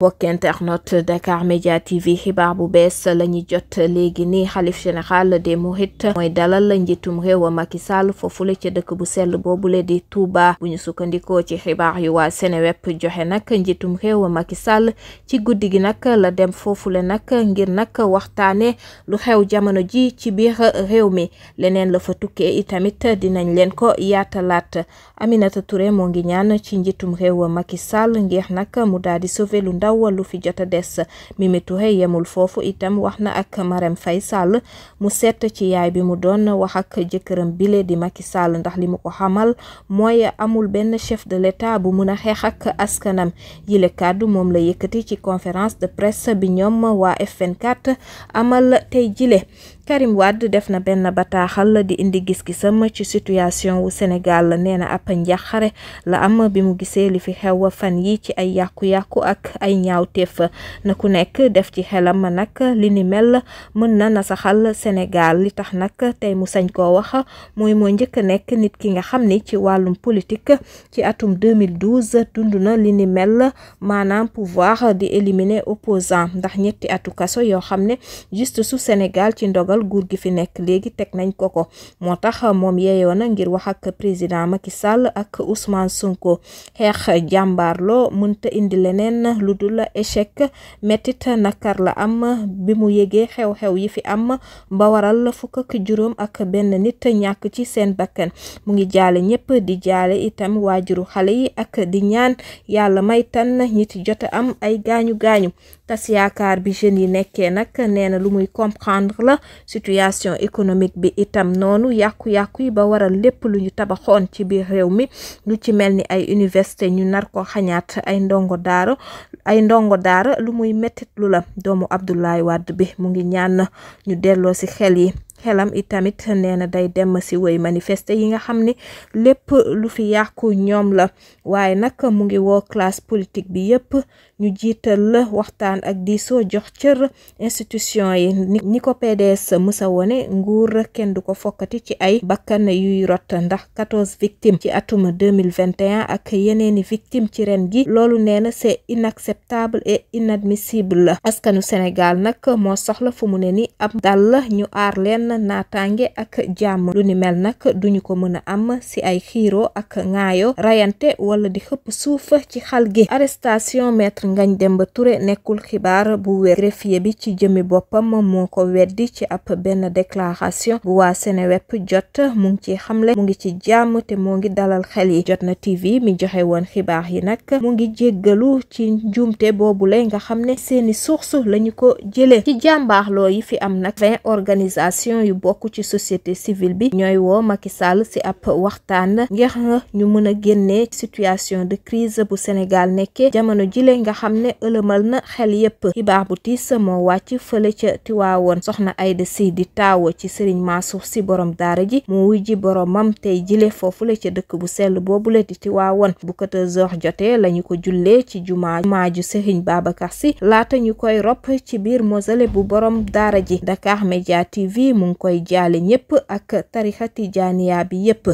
bokk internet Dakar Media TV xibaar bu bees la ñu jot léegi nii xalif général des Mourides mooy dalal njiitum réew Macky Sall foofule ca dëkk bu sell boobule di Touba bu ñu sukkandikoo ci xibaar yu waa Seneweb joxe nag njiitum réew Macky Sall ci guddi gi nag la dem foofule nag ngir nag waxtaane lu xew jamono ji ci biir réew mi leneen la fa tukkee itamit dinañ leen ko yaatalaat Aminata Touré moo ngi ñaan ci njitum réew Macky Sall ngir nag mu daal di sauver ndaw lu fi jot a des Mimi Touré yemul foofu itam wax na ak Marème fay Sall mu set ci yaay bi mu doon wax ak jëkkëram bile di Macky Sall ndax li mu ko xamal mooy amul benn chef de l'État bu mun a xeex ak askanam jile kàddu moom la yëkkati ci conférence de presse bi ñoom waa FN4 amal tey jile Karim Wade def na benn bataaxal di indi gis-gisam ci situation wu Sénégal nee na ab njàqare la am bi mu gisee li fi xew fan yi ci ay yàqu-yàqu ak ay ñaawteef na ku nekk def ci xelam nag li ni mel mën na nasaxal Sénégal li tax nag tey mu sañ koo wax mooy mooy njëkk nekk nit ki nga xam ni ci wàllum politique ci atum 2012 dund na li ni mel maanaam pouvoir di éliminer opposant ndax ñetti atu kaso yoo xam ne juste su Sénégal ci ndogal taxawal gi fi nekk léegi teg nañ ko ko moo tax moom yeeyoo na ngir wax ak président Macky Sall ak Ousmane sunko xeex loo mënta indi leneen lu dul échec métit nakar la am bi mu yëgee xew-xew yi fi am ba waral fukk juróom ak benn nit ñàkk ci seen bakkan mu ngi jaale ñëpp di jaale itam waajuru xale yi ak di ñaan yàlla may tan ñi ci jot am ay gaañu gaañu tas yaakaar bi jeunes yi nekkee nag nee na lu muy comprendre la situation économique bi itam noonu yàqu-yàqu yi ba waral lépp lu ñu tabaxoon ci biir réew mi lu ci mel ni ay université ñu nar ko xañaat ay ndongo daara ay ndongo daara lu muy mettit la doomu Abdoulaye Wade bi mu ngi ñaan ñu delloo si xel yi xelam itamit nee na day dem si woy manifester yi nga xam ne lépp lu fi yàqu ñoom la waaye nag mu ngi woo classe politique bi yépp ñu jiital la waxtaan ak diisoo jox cër institution yi ni ko PDS mësa wone nguur kenn du ko fokkati ci ay bakkan yuy rot ndax 14 victimes ci atum 2021 ak yeneeni victimes ci ren gi loolu nee na c'est inacceptable et inadmissible askanu Sénégal nag moo soxla fu mu ne ni ab dal la ñu aar leen naataange ak jàmm lu ni mel nag duñu ko mën a am si ay xiiro ak ŋaayo rayante wala di xëpp suuf ci xal gi arrestation ngañ dem ba Touré nekkul xibaar bu wér greffier bi ci jëmi boppam moo ko weddi ci ab benn declaration bu waa Seneweb jot mu ngi ci xamle mu ngi ci jàmm te moo ngi dalal xel yi jot Jotna TV mi joxe woon xibaar yi nag mu ngi jéggalu ci njuumte boobu lay nga xam ne seeni source lañu ko jëlee ci jàmbaaxloo yi fi am nag vingt organisation association yu bokk ci société civile bi ñooy woo Macky Sall si ab waxtaan ngir ñu mën a génnee situation de crise bu Sénégal nekkee jamono jile nga xam ne ëlëmal na xel yépp xibaar bu tiis moo wàcc fële ca Tiwaawoon soxna Aida Sy di taaw ci Serigne Mansour Sy borom daara ji mu wuy ji boromam tey jile foofu la ca dëkk bu sell boobule di Tiwaawoon bu 14h jotee lañu ko jullee ci jumaa ju Serigne Babacar Sy laata ñu koy ropp ci biir mosale bu borom daara ji Dakar koy jaale ñëpp ak tarixa tijaaniya bi yëpp